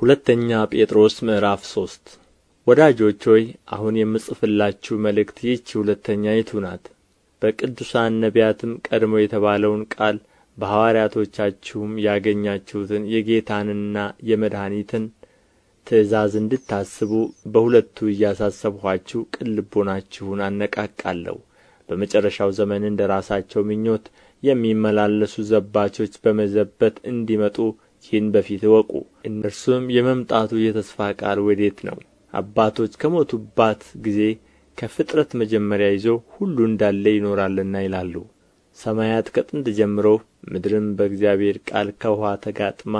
ሁለተኛ ጴጥሮስ ምዕራፍ ሶስት ወዳጆች ሆይ አሁን የምጽፍላችሁ መልእክት ይህች ሁለተኛይቱ ናት። በቅዱሳን ነቢያትም ቀድሞ የተባለውን ቃል በሐዋርያቶቻችሁም ያገኛችሁትን የጌታንና የመድኃኒትን ትእዛዝ እንድታስቡ በሁለቱ እያሳሰብኋችሁ ቅልቦናችሁን አነቃቃለሁ። በመጨረሻው ዘመን እንደ ራሳቸው ምኞት የሚመላለሱ ዘባቾች በመዘበት እንዲመጡ ይህን በፊት እወቁ እነርሱም የመምጣቱ የተስፋ ቃል ወዴት ነው አባቶች ከሞቱባት ጊዜ ከፍጥረት መጀመሪያ ይዞ ሁሉ እንዳለ ይኖራልና ይላሉ ሰማያት ከጥንት ጀምሮ ምድርም በእግዚአብሔር ቃል ከውኃ ተጋጥማ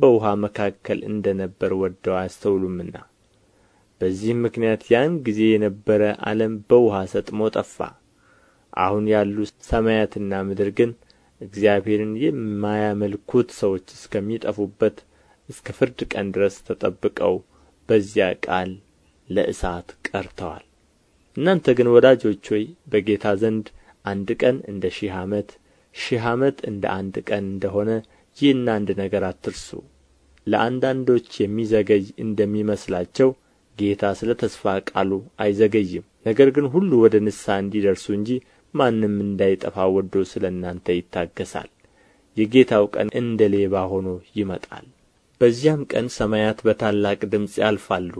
በውኃ መካከል እንደ ነበር ወደው አያስተውሉምና በዚህም ምክንያት ያን ጊዜ የነበረ ዓለም በውኃ ሰጥሞ ጠፋ አሁን ያሉ ሰማያትና ምድር ግን እግዚአብሔርን የማያመልኩት ሰዎች እስከሚጠፉበት እስከ ፍርድ ቀን ድረስ ተጠብቀው በዚያ ቃል ለእሳት ቀርተዋል እናንተ ግን ወዳጆች ሆይ በጌታ ዘንድ አንድ ቀን እንደ ሺህ ዓመት ሺህ ዓመት እንደ አንድ ቀን እንደሆነ ይህን አንድ ነገር አትርሱ ለአንዳንዶች የሚዘገይ እንደሚመስላቸው ጌታ ስለ ተስፋ ቃሉ አይዘገይም ነገር ግን ሁሉ ወደ ንስሐ እንዲደርሱ እንጂ ማንም እንዳይጠፋ ወዶ ስለ እናንተ ይታገሳል። የጌታው ቀን እንደ ሌባ ሆኖ ይመጣል። በዚያም ቀን ሰማያት በታላቅ ድምፅ ያልፋሉ፣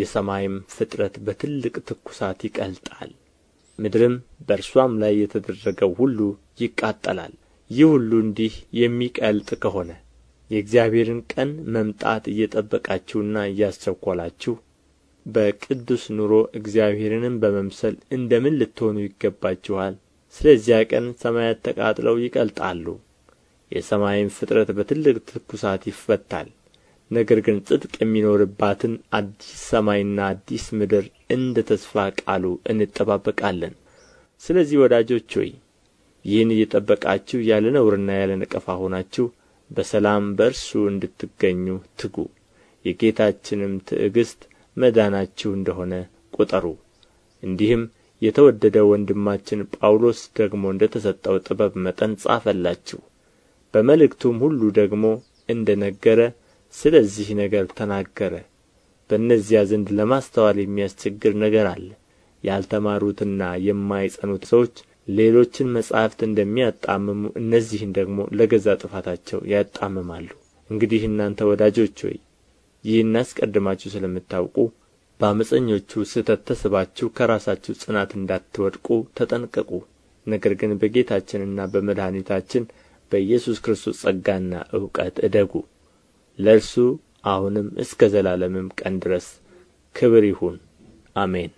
የሰማይም ፍጥረት በትልቅ ትኩሳት ይቀልጣል፣ ምድርም በእርሷም ላይ የተደረገው ሁሉ ይቃጠላል። ይህ ሁሉ እንዲህ የሚቀልጥ ከሆነ የእግዚአብሔርን ቀን መምጣት እየጠበቃችሁና እያስቸኰላችሁ በቅዱስ ኑሮ እግዚአብሔርንም በመምሰል እንደ ምን ልትሆኑ ይገባችኋል ስለዚያ ቀን ሰማያት ተቃጥለው ይቀልጣሉ የሰማይም ፍጥረት በትልቅ ትኩሳት ይፈታል ነገር ግን ጽድቅ የሚኖርባትን አዲስ ሰማይና አዲስ ምድር እንደ ተስፋ ቃሉ እንጠባበቃለን ስለዚህ ወዳጆች ሆይ ይህን እየጠበቃችሁ ያለ ነውርና ያለ ነቀፋ ሆናችሁ በሰላም በእርሱ እንድትገኙ ትጉ የጌታችንም ትዕግሥት መዳናችሁ እንደ ሆነ ቍጠሩ እንዲህም የተወደደ ወንድማችን ጳውሎስ ደግሞ እንደ ተሰጠው ጥበብ መጠን ጻፈላችሁ በመልእክቱም ሁሉ ደግሞ እንደ ነገረ ስለዚህ ነገር ተናገረ በእነዚያ ዘንድ ለማስተዋል የሚያስቸግር ነገር አለ ያልተማሩትና የማይጸኑት ሰዎች ሌሎችን መጻሕፍት እንደሚያጣምሙ እነዚህን ደግሞ ለገዛ ጥፋታቸው ያጣምማሉ እንግዲህ እናንተ ወዳጆች ሆይ ይህን አስቀድማችሁ ስለምታውቁ በዓመፀኞቹ ስህተት ተስባችሁ ከራሳችሁ ጽናት እንዳትወድቁ ተጠንቀቁ ነገር ግን በጌታችንና በመድኃኒታችን በኢየሱስ ክርስቶስ ጸጋና እውቀት እደጉ። ለእርሱ አሁንም እስከ ዘላለምም ቀን ድረስ ክብር ይሁን፣ አሜን።